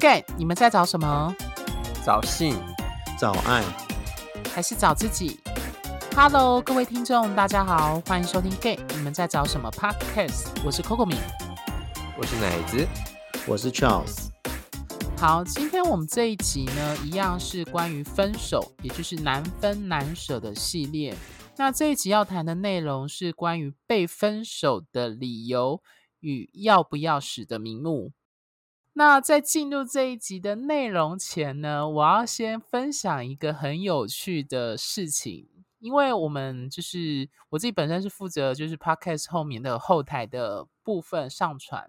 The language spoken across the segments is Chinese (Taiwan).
Gay、okay，你們在找什麼？找性，找愛，還是找自己？Hello，各位聽眾，大家好，歡迎收聽 Gay，你們在找什麼 Podcast？我是 Coco 米，我是奶子，我是 Charles。好，今天我們這一集呢，一樣是關於分手，也就是難分難捨的系列。那這一集要談的內容是關於被分手的理由與要不要死得瞑目。那在進入這一集的內容前呢，我要先分享一個很有趣的事情，因為我們就是我自己本身是負責就是 Podcast 後面的後台的部分上傳，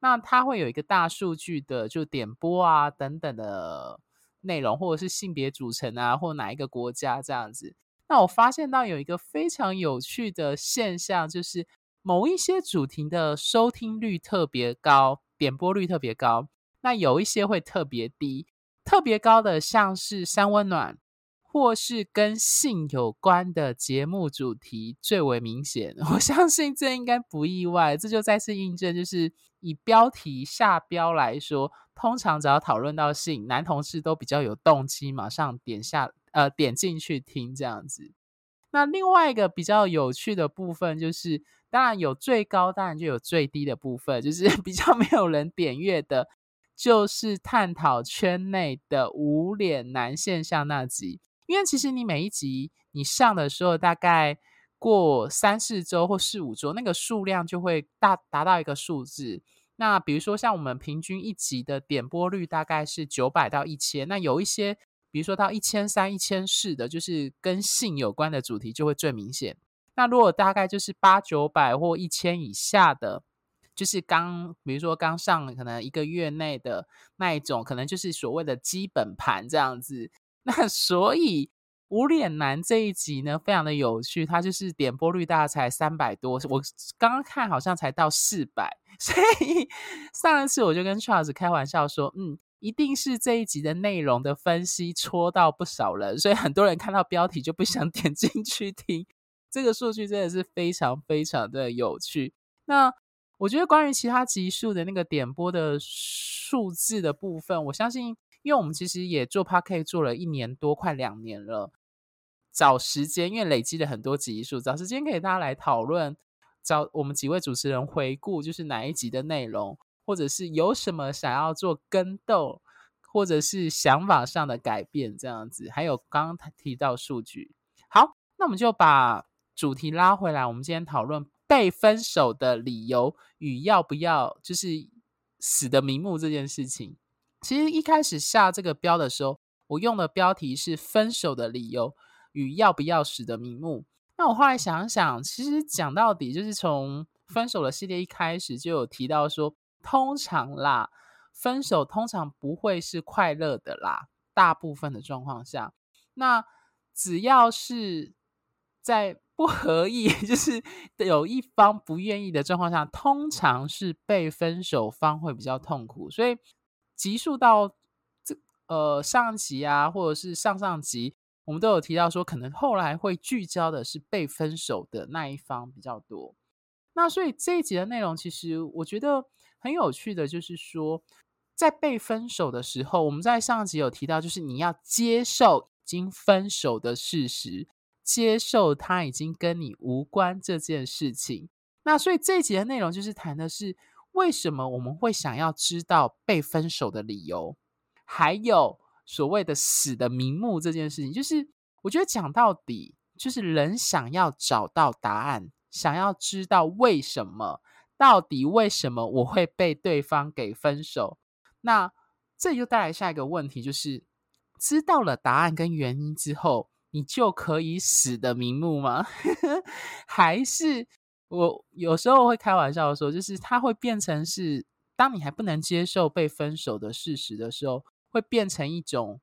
那它會有一個大數據的就點播啊等等的內容，或者是性別組成啊，或哪一個國家這樣子。那我發現到有一個非常有趣的現象，就是某一些主題的收聽率特別高。點播率特別高，那有一些會特別低，特別高的像是三溫暖，或是跟性有關的節目主題最為明顯。我相信這應該不意外，這就再次印證，就是以標題下標來說，通常只要討論到性，男同事都比較有動機，馬上點下，呃，點進去聽這樣子。那另外一個比較有趣的部分就是。當然有最高，當然就有最低的部分，就是比較沒有人點閱的，就是探討圈內的無臉男現象那集。因為其實你每一集你上的時候，大概過三四週或四五週，那個數量就會大達到一個數字。那比如說像我們平均一集的點播率大概是九百到一千，那有一些比如說到一千三、一千四的，就是跟性有關的主題就會最明顯。那如果大概就是八九百、或一千以下的，就是剛，比如說剛上了可能一個月內的那一種，可能就是所謂的基本盤這樣子。那所以無臉男這一集呢，非常的有趣，它就是點播率大概才三百多，我剛剛看好像才到四百。所以上一次我就跟 Charles 開玩笑說，嗯，一定是這一集的內容的分析戳到不少人，所以很多人看到標題就不想點進去聽。這個數據真的是非常非常的有趣。那我覺得關於其他集數的那個點播的數字的部分，我相信，因為我們其實也做 PARKY 做了一年多，快兩年了。找時間，因為累積了很多集數，找時間可以大家來討論，找我們幾位主持人回顧，就是哪一集的內容，或者是有什麼想要做更動，或者是想法上的改變這樣子。還有剛剛提到數據，好，那我們就把。主題拉回來，我們今天討論被分手的理由與要不要就是死得瞑目這件事情。其實一開始下這個標的時候，我用的標題是“分手的理由與要不要死得瞑目”。那我後來想想，其實講到底就是從分手的系列一開始就有提到說，通常啦，分手通常不會是快樂的啦，大部分的狀況下，那只要是，在。不合意，就是有一方不願意的狀況下，通常是被分手方會比較痛苦。所以，集數，到這呃上集啊，或者是上上集，我們都有提到說，可能後來會聚焦的是被分手的那一方比較多。那所以這一集的內容，其實我覺得很有趣的，就是說，在被分手的時候，我們在上集有提到，就是你要接受已經分手的事實。接受他已經跟你無關這件事情，那所以這一集的內容就是談的是為什麼我們會想要知道被分手的理由，還有所謂的死得瞑目這件事情。就是我覺得講到底，就是人想要找到答案，想要知道為什麼，到底為什麼我會被對方給分手。那這就帶來下一個問題，就是知道了答案跟原因之後。你就可以死的瞑目嗎？ 還是我有時候會開玩笑的說，就是它會變成是，當你還不能接受被分手的事實的時候，會變成一種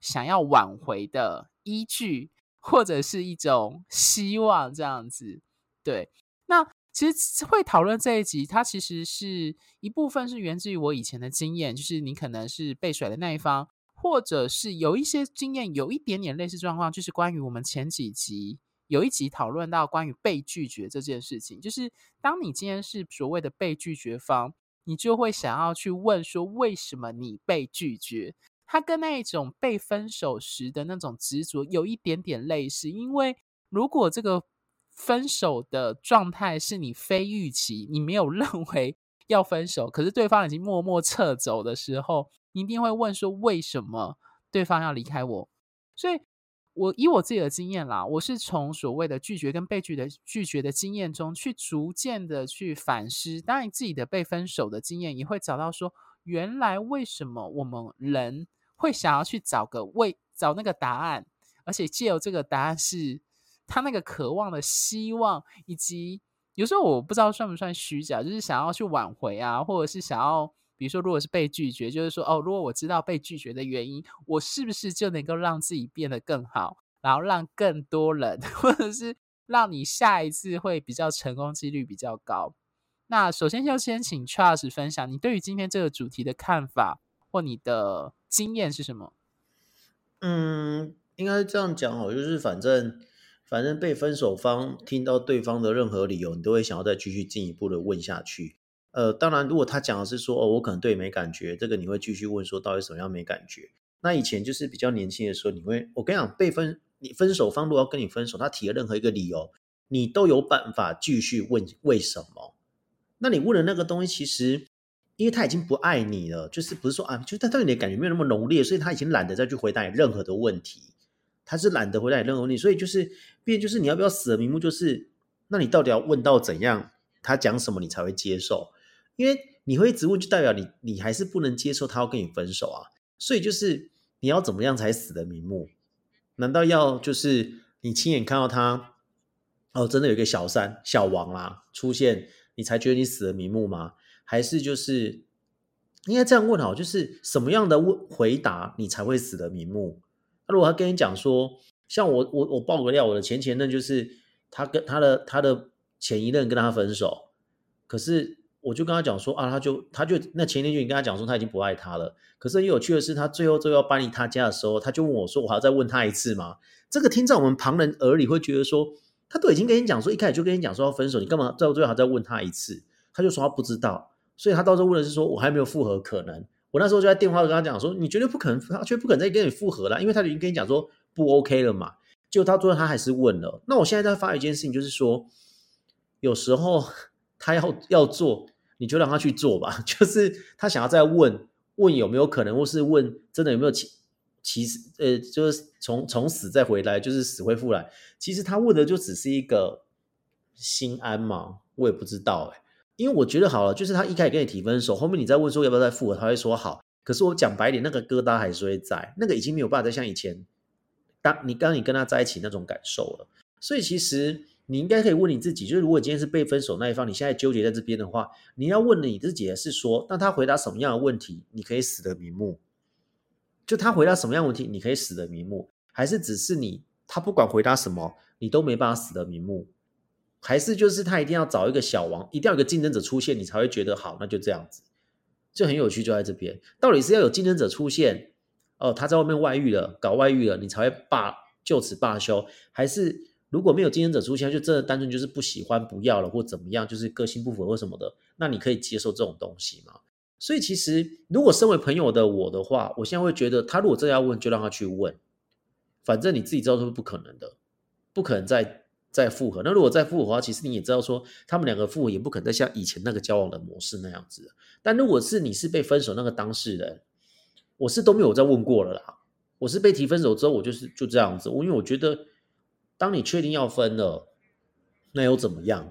想要挽回的依據，或者是一種希望這樣子。對，那其實會討論這一集，它其實是一部分是源自於我以前的經驗，就是你可能是被甩的那一方。或者是有一些經驗，有一點點類似狀況，就是關於我們前幾集有一集討論到關於被拒絕這件事情，就是當你今天是所謂的被拒絕方，你就會想要去問說，為什麼你被拒絕？它跟那一種被分手時的那種執着有一點點類似，因為如果這個分手的狀態是你非預期，你沒有認為。要分手，可是對方已經默默撤走的時候，你一定會問說：為什麼對方要離開我？所以，我以我自己的經驗啦，我是從所謂的拒絕跟被拒絕的拒絕的經驗中，去逐漸的去反思。當然，自己的被分手的經驗，也會找到說，原來為什麼我們人會想要去找個為找那個答案，而且借由這個答案是，是他那個渴望的希望，以及。有時候我不知道算不算虛假，就是想要去挽回啊，或者是想要，比如說，如果是被拒絕，就是說，哦，如果我知道被拒絕的原因，我是不是就能夠讓自己變得更好，然後讓更多人，或者是讓你下一次會比較成功幾率比較高？那首先要先請 Charles 分享你對於今天這個主題的看法或你的經驗是什麼？嗯，應該是這樣講哦，就是反正。反正被分手方聽到對方的任何理由，你都會想要再繼續進一步的問下去。呃，當然，如果他講的是說哦，我可能對你沒感覺，這個你會繼續問說到底什麼樣沒感覺。那以前就是比較年輕的時候，你會我跟你講，被分你分手方如果要跟你分手，他提了任何一個理由，你都有辦法繼續問為什麼。那你問了那個東西，其實因為他已經不愛你了，就是不是說啊，就他對你的感覺沒有那麼濃烈，所以他已經懶得再去回答你任何的問題，他是懶得回答你任何問題，所以就是。變就是你要不要死的瞑目？就是那你到底要問到怎樣，他講什麼你才會接受？因為你會一直問，就代表你你還是不能接受他要跟你分手啊。所以就是你要怎麼樣才死的瞑目？難道要就是你親眼看到他哦，真的有一個小三小王啊出現，你才覺得你死的瞑目嗎？還是就是應該這樣問好？就是什麼樣的回答你才會死的瞑目？啊、如果他跟你講說。像我我我爆個料，我的前前任就是他跟他的他的前一任跟他分手，可是我就跟他講說啊，他就他就那前一天就你跟他講說他已經不愛他了，可是很有趣的是他最後就要搬離他家的時候，他就問我說我還要再問他一次嗎？這個聽在我們旁人耳裡會覺得說他都已經跟你講說一開始就跟你講說要分手，你幹嘛到最後還再問他一次？他就說他不知道，所以他到時候問的是說我還沒有復合可能。我那時候就在電話跟他講說你絕對不可能，他絕對不可能再跟你復合了，因為他就已經跟你講說。不 OK 了嘛。就到最後他還是問了。那我現在在發一件事情，就是說有時候他要要做，你就讓他去做吧。就是他想要再問問有沒有可能，或是問真的有沒有其其實呃，就是從從死再回來，就是死灰復燃。其實他問的就只是一個心安嘛，我也不知道哎、欸。因為我覺得好了，就是他一開始跟你提分手，後面你再問說要不要再復合，他會說好。可是我講白點，那個疙瘩還是會在，那個已經沒有辦法再像以前。當你剛，剛你跟他在一起那種感受了，所以其實你應該可以問你自己，就是如果今天是被分手那一方，你現在糾結在這邊的話，你要問你自己是說，那他回答什麼樣的問題，你可以死得瞑目；就他回答什麼樣的問題，你可以死得瞑目，還是只是你他不管回答什麼，你都沒辦法死得瞑目，還是就是他一定要找一個小王，一定要有個競爭者出現，你才會覺得好，那就這樣子，就很有趣就在這邊，到底是要有競爭者出現？哦，他在外面外遇了，搞外遇了，你才會罷就此罷休？還是如果沒有競爭者出現，就真的單純就是不喜歡，不要了，或怎麼樣，就是個性不符合或什麼的？那你可以接受這種東西嗎？所以其實，如果身為朋友的我的話，我現在會覺得，他如果真要問，就讓他去問。反正你自己知道是不，是不可能的，不可能再再復合。那如果再復合的話，其實你也知道說，他們兩個復合也不可能再像以前那個交往的模式那樣子。但如果是你是被分手那個當事人。我是都沒有再問過了啦。我是被提分手之後，我就是就這樣子。我因為我覺得，當你確定要分了，那又怎麼樣？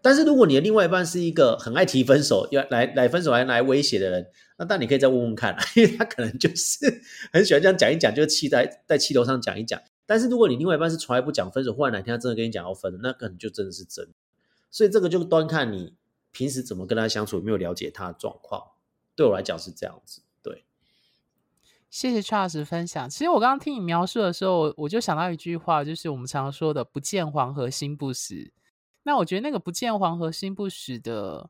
但是如果你的另外一半是一個很愛提分手、要來來分手、來來威脅的人，那但你可以再問問看，因為他可能就是很喜歡這樣講一講，就氣在氣頭上講一講。但是如果你另外一半是從來不講分手，忽然哪天他真的跟你講要分，那可能就真的是真。所以這個就端看你平時怎麼跟他相處，有沒有了解他的狀況。對我來講是這樣子。謝謝 Charles 分享。其實我剛剛聽你描述的時候，我就想到一句話，就是我們常說的“不見黃河心不死”。那我覺得那個“不見黃河心不死”的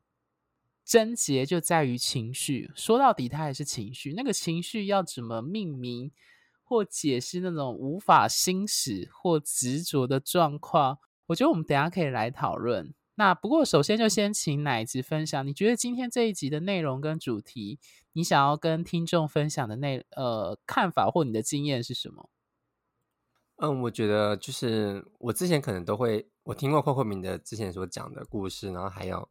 症結就在於情緒。說到底，它還是情緒。那個情緒要怎麼命名或解釋？那種無法心死或執着的狀況，我覺得我們等一下可以來討論。那不過，首先就先請哪一集分享，你覺得今天這一集的內容跟主題，你想要跟聽眾分享的內呃看法或你的經驗是什麼？嗯，我覺得就是我之前可能都會我聽過霍慧明的之前所講的故事，然後還有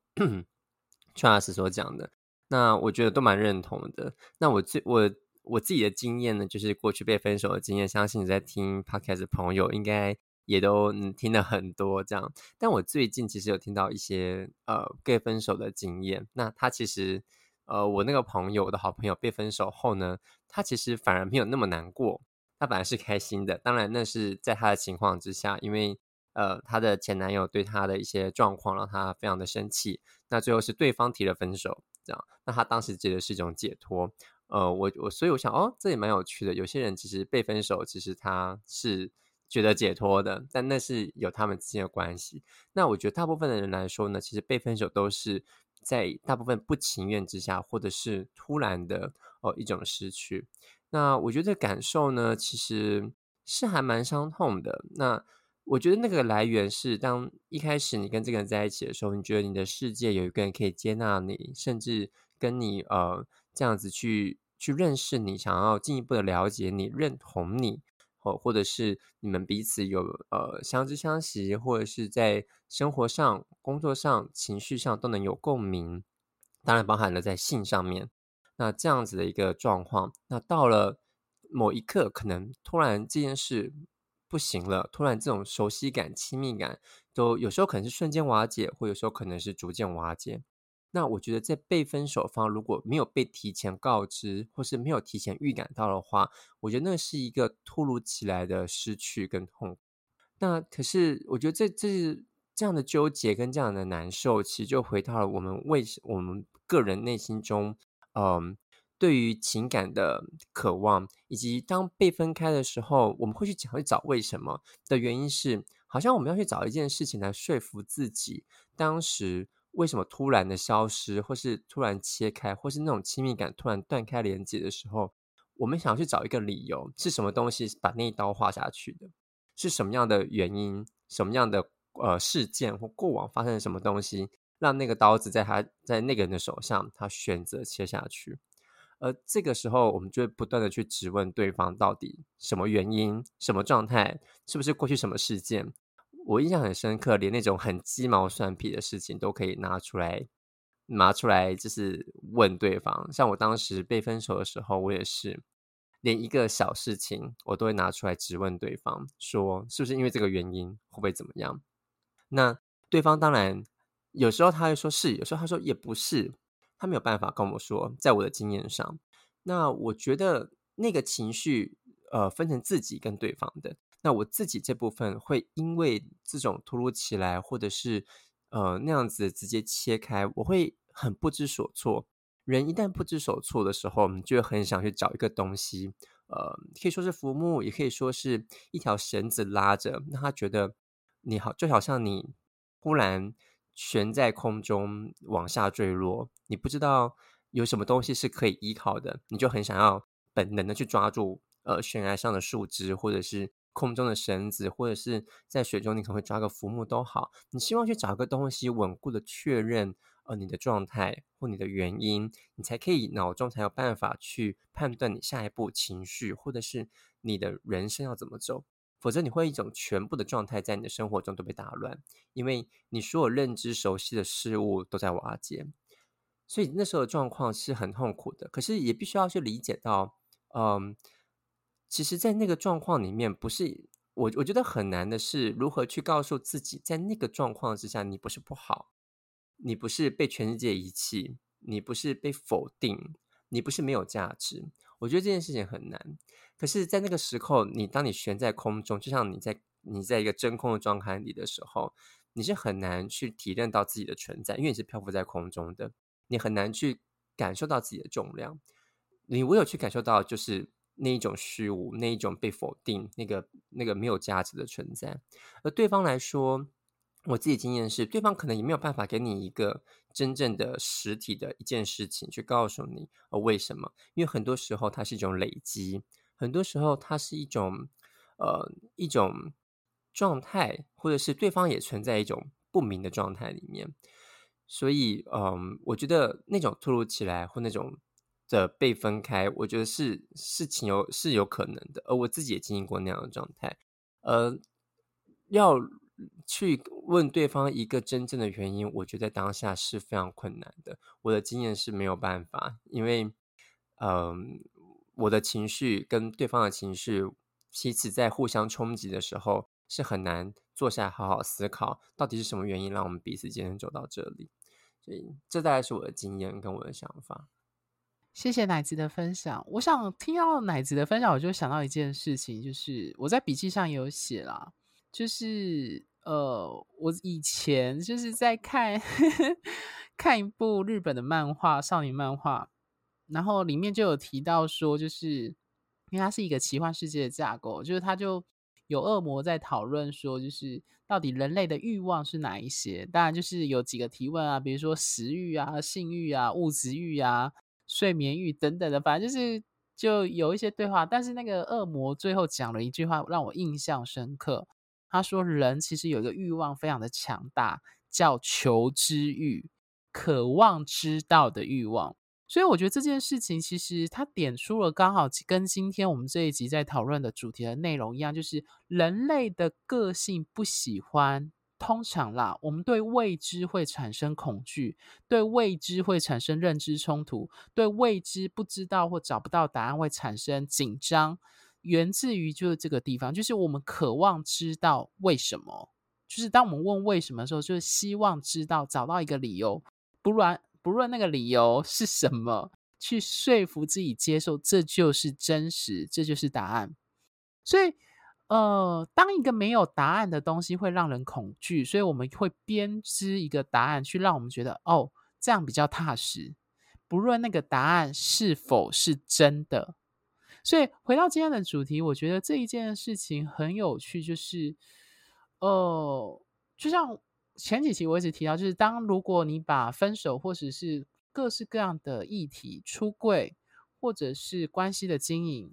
Charles 所講的，那我覺得都蠻認同的。那我自我我自己的經驗呢，就是過去被分手的經驗，相信你在聽 Podcast 的朋友應該。也都、嗯、聽了很多這樣，但我最近其實有聽到一些呃被分手的經驗。那他其實呃，我那個朋友，我的好朋友被分手後呢，他其實反而沒有那麼難過，他本來是開心的。當然，那是在他的情況之下，因為呃，他的前男友對他的一些狀況讓他非常的生氣。那最後是對方提了分手，這樣，那他當時覺得是一種解脫。呃，我我所以我想哦，這也蠻有趣的。有些人其實被分手，其實他是。覺得解脫的，但那是有他們之間的關係。那我覺得大部分的人來說呢，其實被分手都是在大部分不情願之下，或者是突然的哦、呃、一種失去。那我覺得感受呢，其實是還蠻傷痛的。那我覺得那個來源是，當一開始你跟這個人在一起的時候，你覺得你的世界有一個人可以接納你，甚至跟你呃這樣子去去認識你，想要進一步的了解你，認同你。或者是你們彼此有呃相知相惜，或者是在生活上、工作上、情緒上都能有共鳴，當然包含了在性上面。那這樣子的一個狀況，那到了某一刻，可能突然這件事不行了，突然這種熟悉感、親密感都有時候可能是瞬間瓦解，或有時候可能是逐漸瓦解。那我覺得，在被分手方如果沒有被提前告知，或是沒有提前預感到的話，我覺得那是一個突如其來的失去跟痛苦。那可是，我覺得這這這樣的糾結跟這樣的難受，其實就回到了我們為什我們個人內心中，嗯、呃，對於情感的渴望，以及當被分開的時候，我們會去找去找為什麼的原因是，好像我們要去找一件事情來說服自己，當時。為什麼突然的消失，或是突然切開，或是那種親密感突然斷開連接的時候，我們想要去找一個理由，是什麼東西把那一刀劃下去的？是什麼樣的原因？什麼樣的呃事件或過往發生了什麼東西，讓那個刀子在他在那個人的手上，他選擇切下去？而這個時候，我們就會不斷的去質問對方，到底什麼原因？什麼狀態？是不是過去什麼事件？我印象很深刻，連那種很雞毛蒜皮的事情都可以拿出來，拿出來就是問對方。像我當時被分手的時候，我也是連一個小事情我都會拿出來質問對方，說是不是因為這個原因，會不會怎麼樣？那對方當然有時候他會說是，有時候他說也不是，他沒有辦法跟我說。在我的經驗上，那我覺得那個情緒，呃，分成自己跟對方的。那我自己這部分會因為這種突如其來，或者是呃那樣子直接切開，我會很不知所措。人一旦不知所措的時候，我們就會很想去找一個東西，呃，可以說是浮木，也可以說是一條繩子拉着。那他覺得你好，就好像你忽然懸在空中往下墜落，你不知道有什麼東西是可以依靠的，你就很想要本能的去抓住呃懸崖上的樹枝，或者是。空中的繩子，或者是在水中，你可能會抓個浮木都好。你希望去找個東西，穩固的確認呃你的狀態或你的原因，你才可以腦中才有辦法去判斷你下一步情緒，或者是你的人生要怎麼走。否則你會一種全部的狀態在你的生活中都被打亂，因為你所有認知熟悉的事物都在瓦解。所以那時候的狀況是很痛苦的，可是也必須要去理解到，嗯。其實，在那個狀況裡面，不是，我，我覺得很難的是如何去告訴自己，在那個狀況之下，你不是不好，你不是被全世界遺棄，你不是被否定，你不是沒有價值。我覺得這件事情很難。可是，在那個時候，你當你懸在空中，就像你在你在一個真空的狀態裡的時候，你是很難去體認到自己的存在，因為你是漂浮在空中的，你很難去感受到自己的重量。你唯有去感受到，就是。那一種虛無，那一種被否定，那個那個沒有價值的存在。而對方來說，我自己經驗是，對方可能也沒有辦法給你一個真正的實體的一件事情去告訴你呃為什麼。因為很多時候它是一種累積，很多時候它是一種呃一種狀態，或者是對方也存在一種不明的狀態裡面。所以，嗯，我覺得那種突如其來或那種，的被分開，我覺得是事情有是有可能的，而我自己也經歷過那樣的狀態。呃，要去問對方一個真正的原因，我覺得在當下是非常困難的。我的經驗是沒有辦法，因為，嗯、呃，我的情緒跟對方的情緒彼此在互相衝擊的時候，是很難坐下來好好思考到底是什麼原因讓我們彼此今天走到這裡。所以，這大概是我的經驗跟我的想法。謝謝奶子的分享。我想聽到奶子的分享，我就想到一件事情，就是我在筆記上有寫啦。就是呃，我以前就是在看呵呵看一部日本的漫畫，少女漫畫，然後裡面就有提到說，就是因為它是一個奇幻世界的架構，就是它就有惡魔在討論說，就是到底人類的欲望是哪一些？當然就是有幾個提問啊，比如說食欲啊、性欲啊、物質欲啊。睡眠欲等等的，反正就是就有一些對話，但是那個惡魔最後講了一句話讓我印象深刻。他說：“人其實有一個欲望非常的強大，叫求知欲，渴望知道的欲望。”所以我覺得這件事情其實他點出了，剛好跟今天我們這一集在討論的主題的內容一樣，就是人類的個性不喜歡。通常啦，我們對未知會產生恐懼，對未知會產生認知衝突，對未知不知道或找不到答案會產生緊張，源自於就是這個地方，就是我們渴望知道為什麼。就是當我們問為什麼的時候，就是希望知道找到一個理由，不然不論那個理由是什麼，去說服自己接受，這就是真實，這就是答案。所以。呃，當一個沒有答案的東西會讓人恐懼，所以我們會編織一個答案，去讓我們覺得哦，這樣比較踏實，不論那個答案是否是真的。所以回到今天的主題，我覺得這一件事情很有趣，就是呃，就像前幾期我一直提到，就是當如果你把分手或者是各式各樣的議題出櫃，或者是關係的經營。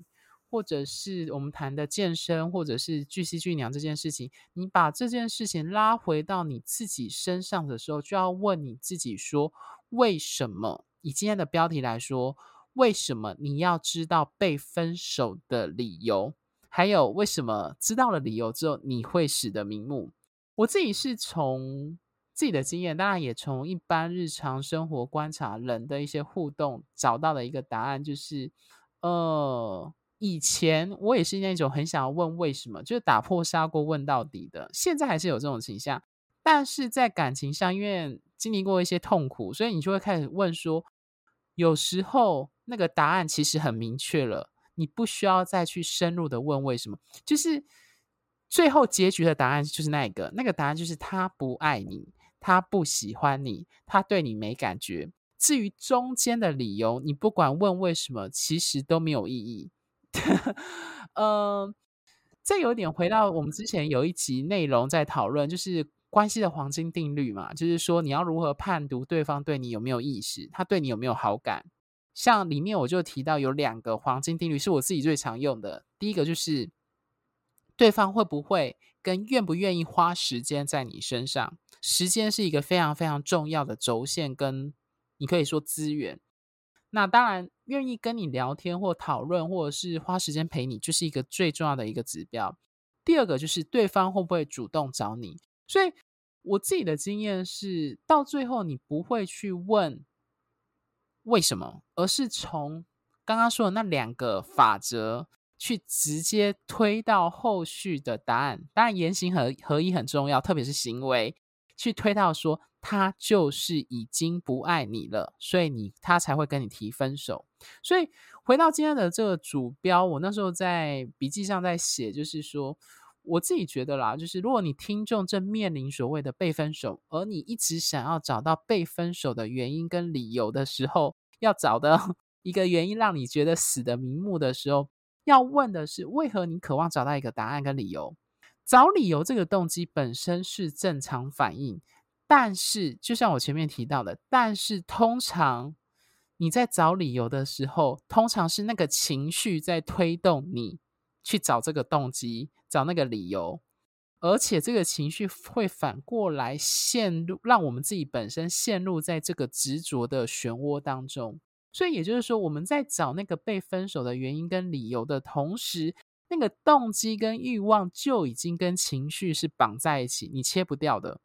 或者是我們談的健身，或者是巨蜥巨娘這件事情，你把這件事情拉回到你自己身上的時候，就要問你自己說：為什麼？以今天的標題來說，為什麼你要知道被分手的理由？還有為什麼知道了理由之後你會死得瞑目？我自己是從自己的經驗，當然也從一般日常生活觀察人的一些互動，找到的一個答案就是：呃。以前我也是那種很想要問為什麼，就是打破砂鍋問到底的。現在還是有這種傾向，但是在感情上，因為經歷過一些痛苦，所以你就會開始問說，有時候那個答案其實很明確了，你不需要再去深入的問為什麼。就是最後結局的答案就是那一個，那個答案就是他不愛你，他不喜歡你，他對你沒感覺。至於中間的理由，你不管問為什麼，其實都沒有意義。 嗯，這有點回到我們之前有一集內容在討論，就是關係的黃金定律嘛，就是說你要如何判讀對方對你有沒有意思，他對你有沒有好感。像裡面我就提到有兩個黃金定律是我自己最常用的，第一個就是對方會不會跟願不願意花時間在你身上，時間是一個非常非常重要的軸線，跟你可以說資源。那當然，願意跟你聊天或討論，或者是花時間陪你，就是一個最重要的一個指標。第二個就是對方會不會主動找你。所以我自己的經驗是，到最後你不會去問為什麼，而是從剛剛說的那兩個法則去直接推到後續的答案。當然，言行合合一很重要，特別是行為。去推到說他就是已經不愛你了，所以你他才會跟你提分手。所以回到今天的這個主標，我那時候在筆記上在寫，就是說我自己覺得啦，就是如果你聽眾正面臨所謂的被分手，而你一直想要找到被分手的原因跟理由的時候，要找的一個原因讓你覺得死得瞑目的時候，要問的是為何你渴望找到一個答案跟理由。找理由這個動機本身是正常反應，但是就像我前面提到的，但是通常你在找理由的時候，通常是那個情緒在推動你去找這個動機、找那個理由，而且這個情緒會反過來陷入，讓我們自己本身陷入在這個執着的漩渦當中。所以也就是說，我們在找那個被分手的原因跟理由的同時。那個動機跟慾望就已經跟情緒是綁在一起，你切不掉的。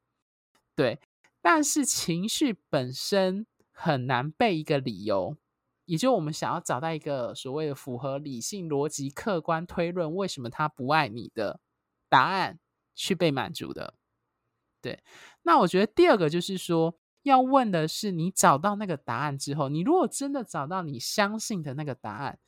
對，但是情緒本身很難被一個理由，也就我們想要找到一個所謂的符合理性、邏輯、客觀推論，為什麼他不愛你的答案去被滿足的。對，那我覺得第二個就是說，要問的是，你找到那個答案之後，你如果真的找到你相信的那個答案。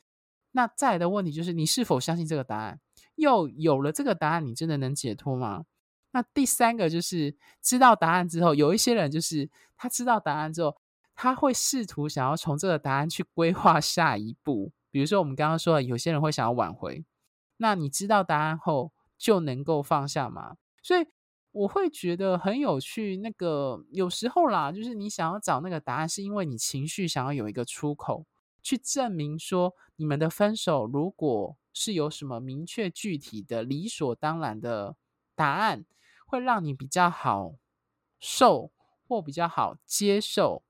那再來的問題就是，你是否相信這個答案？又有了這個答案，你真的能解脫嗎？那第三個就是，知道答案之後，有一些人就是他知道答案之後，他會試圖想要從這個答案去規劃下一步。比如說，我們剛剛說的，有些人會想要挽回，那你知道答案後就能夠放下嗎？所以我會覺得很有趣。那個有時候啦，就是你想要找那個答案，是因為你情緒想要有一個出口。去證明說你們的分手，如果是有什麼明確具體的、理所當然的答案，會讓你比較好受或比較好接受，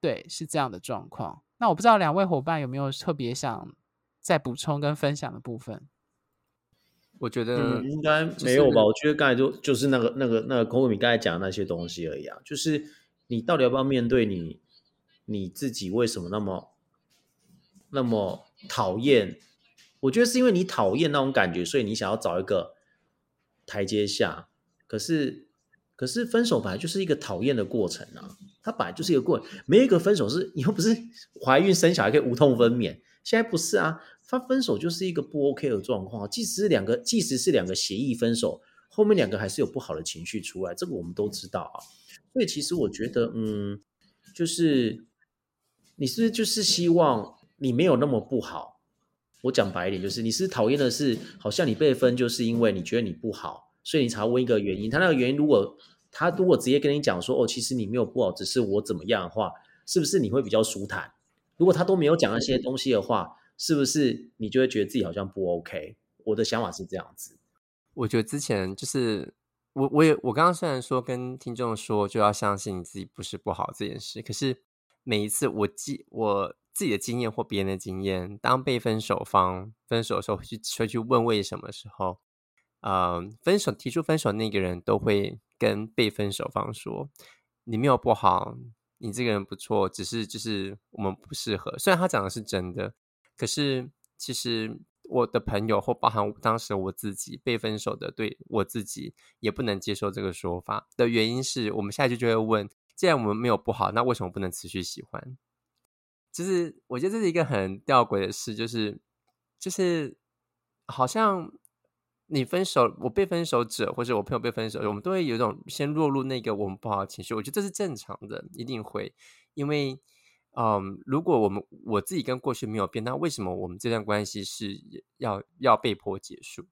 對，是這樣的狀況。那我不知道兩位夥伴有沒有特別想再補充跟分享的部分？我覺得、嗯、應該沒有吧。我覺得剛才就就是那個、那個、那個孔偉敏剛才講的那些東西而已啊。就是你到底要不要面對你你自己為什麼那麼？那麼討厭，我覺得是因為你討厭那種感覺，所以你想要找一個台階下。可是，可是分手本來就是一個討厭的過程啊，它本來就是一個過程，沒有一個分手是，你又不是懷孕生小孩可以無痛分娩，現在不是啊。它分手就是一個不 OK 的狀況，即使是兩個，即使是兩個協議分手，後面兩個還是有不好的情緒出來，這個我們都知道啊。所以其實我覺得，嗯，就是你是不是就是希望，你沒有那麼不好，我講白一點，就是你是討厭的是，好像你被分，就是因為你覺得你不好，所以你才問一個原因。他那個原因，如果他如果直接跟你講說，哦，其實你沒有不好，只是我怎麼樣的話，是不是你會比較舒坦？如果他都沒有講那些東西的話，嗯，是不是你就會覺得自己好像不 OK？我的想法是這樣子。我覺得之前就是我我也我剛剛雖然說跟聽眾說就要相信你自己不是不好這件事，可是每一次我記我。自己的經驗或別人的經驗，當被分手方分手的時候去，去會去問為什麼的時候，嗯、呃，分手提出分手的那個人都會跟被分手方說：“你沒有不好，你這個人不錯，只是就是我們不適合。”雖然他講的是真的，可是其實我的朋友或包含當時我自己被分手的，對我自己也不能接受這個說法的原因是，我們下一句就會問：“既然我們沒有不好，那為什麼不能持續喜歡？”就是我覺得這是一個很吊詭的事，就是就是好像你分手，我被分手者，或者我朋友被分手，我們都會有一種先落入那個我們不好的情緒。我覺得這是正常的，一定會。因為，嗯，如果我們我自己跟過去沒有變，那為什麼我們這段關係是要要被迫結束？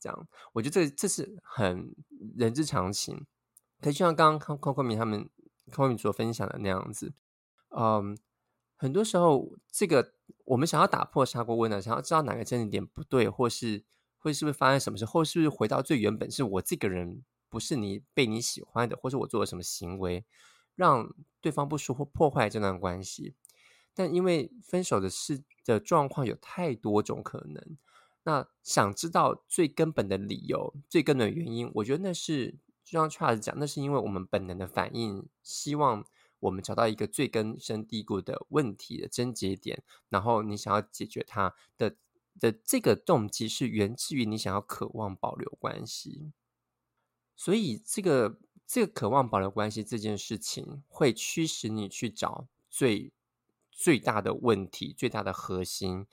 這樣，我覺得這這是很人之常情。可就像剛剛康康光明他們康明所分享的那樣子，嗯。很多時候，這個我們想要打破砂鍋問到底，想要知道哪個爭議點不對，或是會是不是發生什麼事，或是不是回到最原本是我這個人不是你被你喜歡的，或是我做了什麼行為讓對方不舒服、破壞這段關係？但因為分手的事的狀況有太多種可能，那想知道最根本的理由、最根本的原因，我覺得那是就像 Charles 講，那是因為我們本能的反應，希望，我們找到一個最根深蒂固的問題的癥結點，然後你想要解決它的的這個動機是源自於你想要渴望保留關係，所以這個這個渴望保留關係這件事情會驅使你去找最最大的問題最大的核心。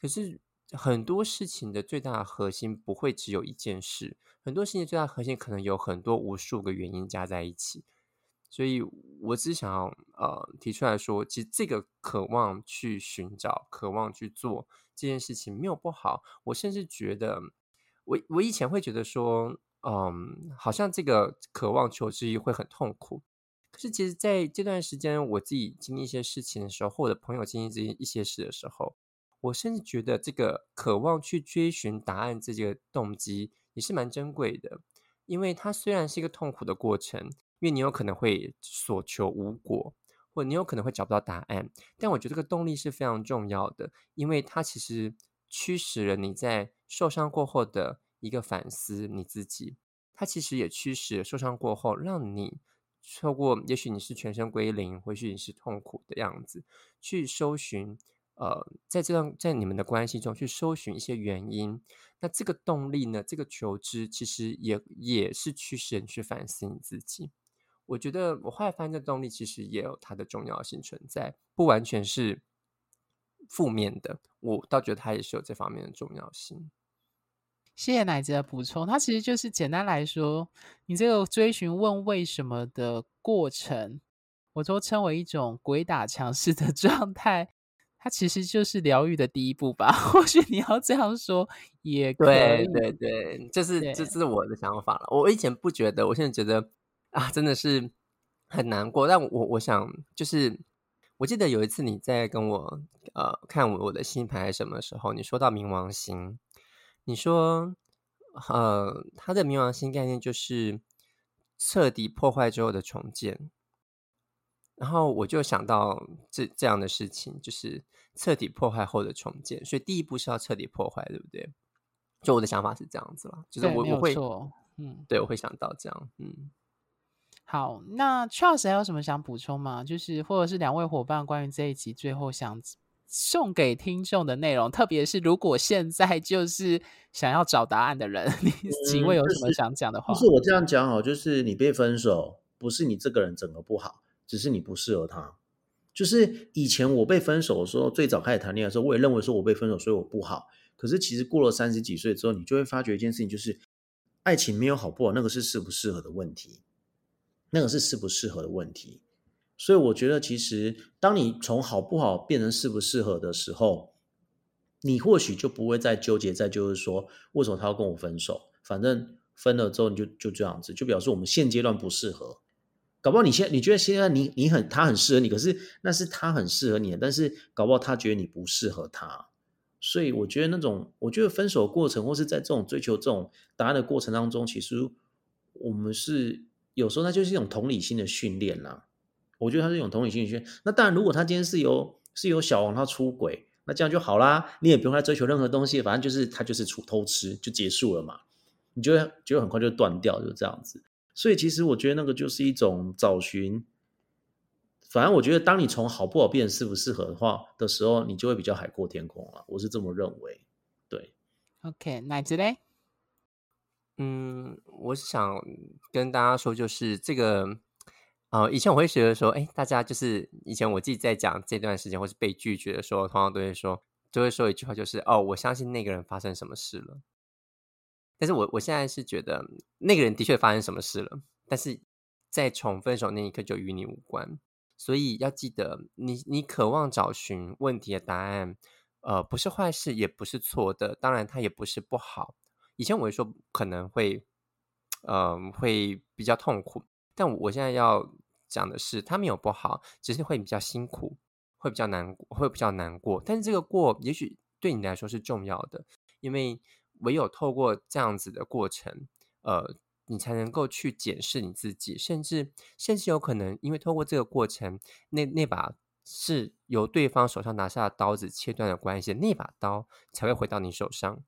可是很多事情的最大的核心不會只有一件事，很多事情的最大的核心可能有很多無數個原因加在一起。所以，我只想要呃提出來說，其實這個渴望去尋找、渴望去做這件事情沒有不好。我甚至覺得，我我以前會覺得說，嗯，好像這個渴望求知欲會很痛苦。可是，其實在這段時間我自己經歷一些事情的時候，或者朋友經歷這一些事的時候，我甚至覺得這個渴望去追尋答案這個動機也是蠻珍貴的，因為它雖然是一個痛苦的過程。因為你有可能會所求無果，或你有可能會找不到答案。但我覺得這個動力是非常重要的，因為它其實驅使了你在受傷過後的一個反思你自己。它其實也驅使了受傷過後，讓你透過也許你是全身歸零，或許你是痛苦的樣子，去搜尋呃，在這段在你們的關係中去搜尋一些原因。那這個動力呢，這個求知其實也也是驅使人去反思你自己。我覺得我後來翻這動力其實也有它的重要性存在，不完全是負面的。我倒覺得它也是有這方面的重要性。謝謝奶子的補充，它其實就是簡單來說，你這個追尋問為什麼的過程，我都稱為一種鬼打牆式的狀態。它其實就是療癒的第一步吧？或 許你要這樣說也可以對，對對，這、就是這是我的想法了。我以前不覺得，我現在覺得。啊，真的是很難過。但我我想，就是我記得有一次你在跟我呃看我我的星盤什麼時候，你說到冥王星，你說呃他的冥王星概念就是徹底破壞之後的重建，然後我就想到這這樣的事情就是徹底破壞後的重建，所以第一步是要徹底破壞，對不對？就我的想法是這樣子了，就是我我會嗯，對我會想到這樣嗯。好，那 Charles 還有什麼想補充嗎？就是或者是兩位夥伴關於這一集最後想送給聽眾的內容，特別是如果現在就是想要找答案的人，幾位有什麼想講的話？嗯，就是，不是我這樣講哦、喔，就是你被分手，不是你這個人整個不好，只是你不適合他。就是以前我被分手的時候，最早開始談戀愛的時候，我也認為說我被分手，所以我不好。可是其實過了三十幾歲之後，你就會發覺一件事情，就是愛情沒有好不好，那個是適不適合的問題。那個是適不適合的問題，所以我覺得其實當你從好不好變成適不適合的時候，你或許就不會再糾結，再就是說為什麼他要跟我分手。反正分了之後你就就這樣子，就表示我們現階段不適合。搞不好你現在你覺得現在你你很他很適合你，可是那是他很適合你，但是搞不好他覺得你不適合他。所以我覺得那種我覺得分手過程或是在這種追求這種答案的過程當中，其實我們是。有時候他就是一種同理心的訓練啦，我覺得它是一種同理心的訓練。那當然，如果他今天是由是由小王他出軌，那這樣就好啦，你也不用再追求任何東西，反正就是他就是偷偷吃就結束了嘛，你覺得覺得很快就斷掉就這樣子。所以其實我覺得那個就是一種找尋。反正我覺得，當你從好不好變適不適合的話的時候，你就會比較海闊天空了。我是這麼認為。對，OK，那這邊。嗯，我想跟大家說，就是這個啊、呃，以前我會覺得說，哎、欸，大家就是以前我自己在講這段時間，或是被拒絕的時候，通常都會說，就會說一句話，就是哦，我相信那個人發生什麼事了。但是我我現在是覺得，那個人的確發生什麼事了，但是在從分手那一刻就與你無關，所以要記得，你你渴望找尋問題的答案，呃，不是壞事，也不是錯的，當然它也不是不好。以前我會說可能會，嗯、呃，會比較痛苦。但我現在要講的是，他沒有不好，只是會比較辛苦，會比較難，會比較難過。但是這個過，也許對你來說是重要的，因為唯有透過這樣子的過程，呃，你才能夠去檢視你自己，甚至甚至有可能，因為透過這個過程，那那把是由對方手上拿下的刀子切斷的關係，那把刀才會回到你手上。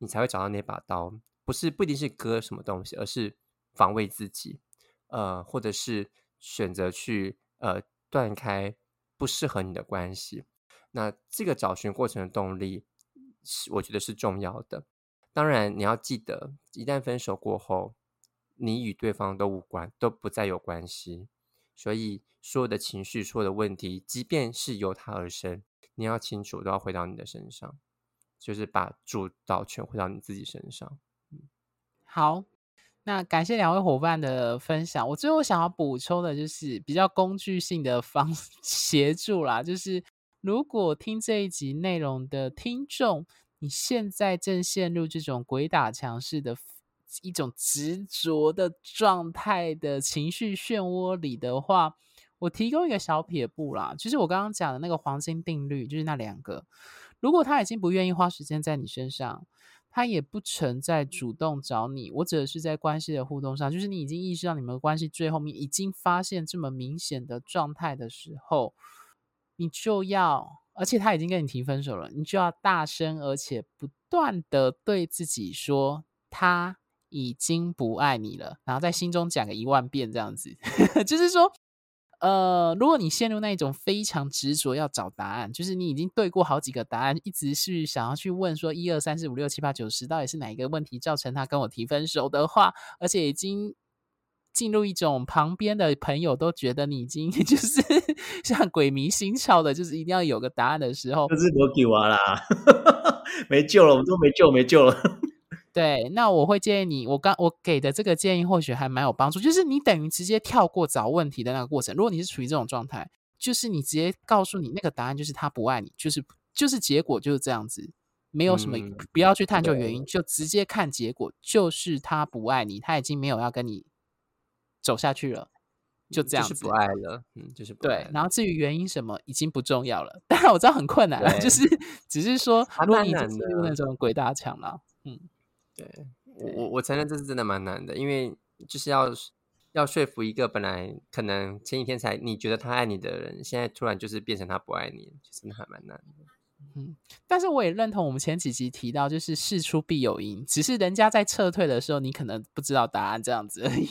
你才會找到那把刀，不是，不一定是割什麼東西，而是防衛自己，呃，或者是選擇去呃斷開不適合你的關係。那這個找尋過程的動力，是我覺得是重要的。當然，你要記得，一旦分手過後，你與對方都無關，都不再有關係。所以，所有的情緒，所有的問題，即便是由他而生，你要清楚，都要回到你的身上。就是把主導權回到你自己身上。好，那感謝兩位夥伴的分享。我最後想要補充的就是比較工具性的方式協助啦，就是如果聽這一集內容的聽眾，你現在正陷入這種鬼打牆式的一種執着的狀態的情緒漩渦裡的話，我提供一個小撇步啦。就是我剛剛講的那個黃金定律，就是那兩個。如果他已經不願意花時間在你身上，他也不曾再主動找你。我指的是在關係的互動上，就是你已經意識到你們的關係最後面已經發現這麼明顯的狀態的時候，你就要，而且他已經跟你提分手了，你就要大聲而且不斷的對自己說他已經不愛你了，然後在心中講個一萬遍這樣子，呵呵就是說。呃，如果你陷入那一種非常執着要找答案，就是你已經對過好幾個答案，一直是想要去問說一二三四五六七八九十，到底是哪一個問題造成他跟我提分手的話，而且已經進入一種旁邊的朋友都覺得你已經就是 像鬼迷心竅的，就是一定要有個答案的時候，不是，我給完了啊 沒救了沒救了，沒救了，我都沒救，沒救了。對，那我會建議你，我剛我給的這個建議或許還蠻有幫助，就是你等於直接跳過找問題的那個過程。如果你是處於這種狀態，就是你直接告訴你那個答案，就是他不愛你，就是就是結果就是這樣子，沒有什麼，不要去探究原因。嗯，就直接看結果，就是他不愛你，他已經沒有要跟你走下去了，就這樣子，嗯就是、不愛了，嗯，就是不愛了對。然後至於原因什麼，已經不重要了。當然我知道很困難，就是 只是說，如果你真的用那種鬼打牆嘛，嗯。對，我我我承認這是真的蠻難的，因為就是要要說服一個本來可能前幾天才你覺得他愛你的人，現在突然就是變成他不愛你，就真的還蠻難的。嗯，但是我也認同我們前幾集提到，就是事出必有因，只是人家在撤退的時候，你可能不知道答案，這樣子而已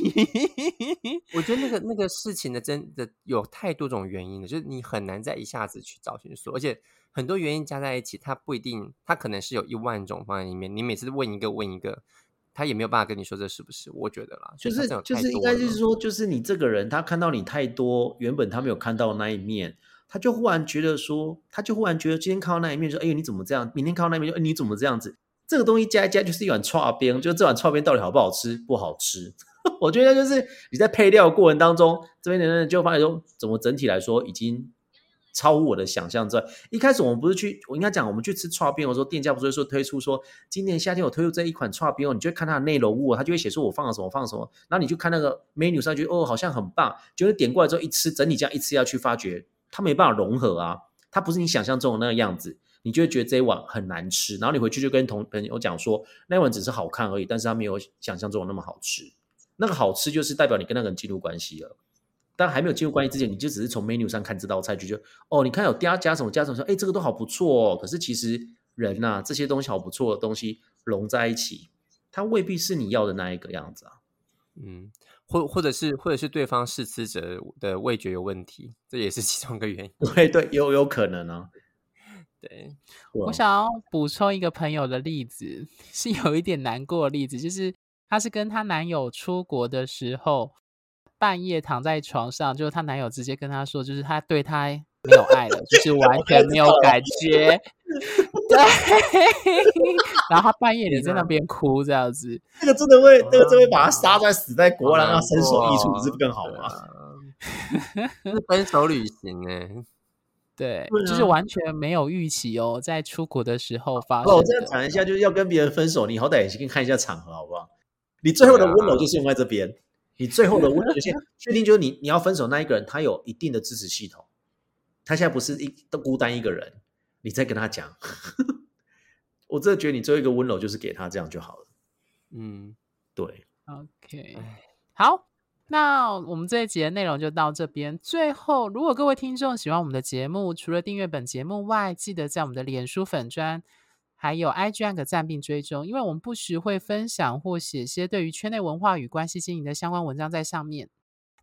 我覺得那個那個事情的真的有太多種原因了，就是你很難再一下子去找尋說，而且。很多原因加在一起，他不一定，他可能是有一萬種放在裡面。你每次問一個問一個，他也沒有辦法跟你說這是不是？我覺得啦，就是，是就是應該就是說，就是你這個人，他看到你太多，原本他沒有看到的那一面，他就忽然覺得說，他就忽然覺得今天看到那一面說，哎，呦，你怎麼這樣？明天看到那一面說，哎、欸，你怎麼這樣子？這個東西加一加就是一碗刨冰，就這碗刨冰到底好不好吃？不好吃。 我覺得就是你在配料的過程當中，這邊的人，人就發現說，怎麼整體來說已經。超乎我的想象之外。一開始我們不是去，我應該講我們去吃剉冰。我說店家不是說推出說今年夏天我推出這一款剉冰哦，你就會看它的內容物，他就會寫說我放了什麼，放了什麼。然後你就看那個 menu 上去，哦，好像很棒。就是點過來之後一吃，整體這樣一吃下去發覺它沒辦法融合啊，它不是你想象中的那個樣子，你就會覺得這一碗很難吃。然後你回去就跟同朋友講說，那碗只是好看而已，但是它沒有想象中的那麼好吃。那個好吃就是代表你跟那個人進入關係了。但還沒有進入關係之前，你就只是從 menu 上看這道菜，就覺得哦，你看有加什麼加什麼，說哎，這個都好不錯哦。可是其實人吶，這些東西好不錯的東西融在一起，它未必是你要的那一個樣子啊。嗯，或或者是或者是對方試吃者的味覺有問題，這也是其中一個原因。對對，有有可能哦。對，我，我想要補充一個朋友的例子，是有一點難過的例子，就是她是跟她男友出國的時候。半夜躺在床上，就是她男友直接跟她說，就是她對他沒有愛了， 就是完全沒有感覺。對 然後她半夜也在那邊哭，這樣子。那個真的會，嗯啊、那個真的會把她殺在死在國外，要、嗯啊、身首異處，這不更好嗎？嗯啊、分手旅行哎、欸，對，對、啊，就是完全沒有預期哦、喔，在出國的時候發生。我再講一下，就是要跟別人分手，你好歹也先看一下場合好不好？你最後的溫柔就是用在這邊。你最後的溫柔線，確 定就是你你要分手那一個人，他有一定的支持系統，他現在不是一都孤單一個人，你再跟他講， 我真的覺得你最後一個溫柔就是給他這樣就好了。嗯，對，OK，好，那我們這一集的內容就到這邊。最後，如果各位聽眾喜歡我們的節目，除了訂閱本節目外，記得在我們的臉書粉專還有 IG 按個讚並追蹤，因為我們不時會分享或寫些對於圈內文化與關係經營的相關文章在上面。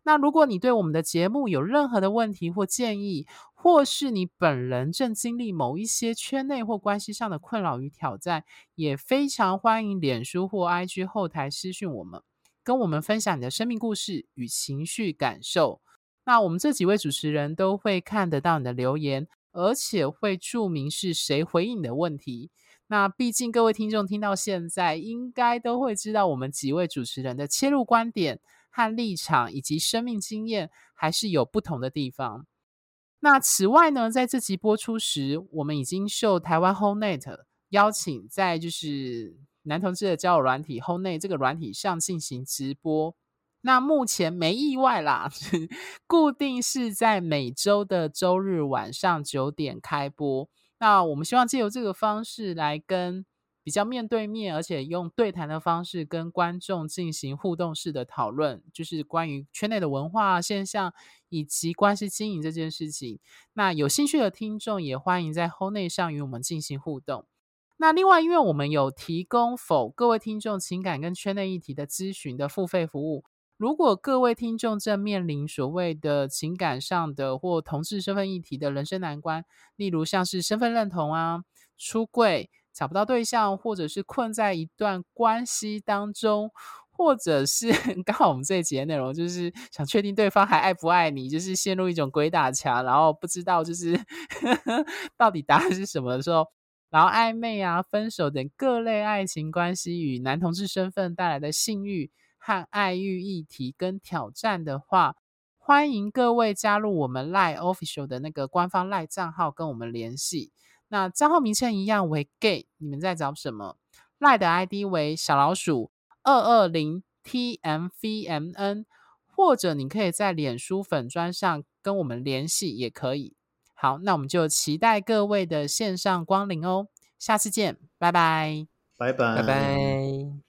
那如果你對我們的節目有任何的問題或建議，或是你本人正經歷某一些圈內或關係上的困擾與挑戰，也非常歡迎臉書或 IG 後台私訊我們，跟我們分享你的生命故事與情緒感受。那我們這幾位主持人都會看得到你的留言，而且會注明是誰回應你的問題。那畢竟各位聽眾聽到現在，應該都會知道我們幾位主持人的切入觀點和立場，以及生命經驗還是有不同的地方。那此外呢，在這集播出時，我們已經受台灣 Hornet 邀請，在就是男同志的交友軟體 Hornet 這個軟體上進行直播。那目前沒意外啦，固定是在每周的周日晚上九點開播。那我們希望借由這個方式來跟比較面對面，而且用對談的方式跟觀眾進行互動式的討論，就是關於圈內的文化現象以及關係經營這件事情。那有興趣的聽眾也歡迎在 Hornet 上與我們進行互動。那另外，因為我們有提供否各位聽眾情感跟圈內議題的諮詢的付費服務。如果各位聽眾正面臨所謂的情感上的或同志身份議題的人生難關，例如像是身份認同啊、出櫃、找不到對象，或者是困在一段關係當中，或者是剛好我們這一節內容就是想確定對方還愛不愛你，就是陷入一種鬼打牆，然後不知道就是呵呵到底答案是什麼的時候，然後曖昧啊、分手等各類愛情關係與男同志身份帶來的性慾。看愛欲議題跟挑戰的話，歡迎各位加入我們賴 Official 的那個官方 Line 賬號跟我們聯繫。那賬號名稱一樣為 gay，你們在找什麼？賴的 ID 為小老鼠二二零 T M V M N，或者你可以在臉書粉專上跟我們聯繫也可以。好，那我們就期待各位的線上光臨哦。下次見，拜拜，拜拜，拜拜。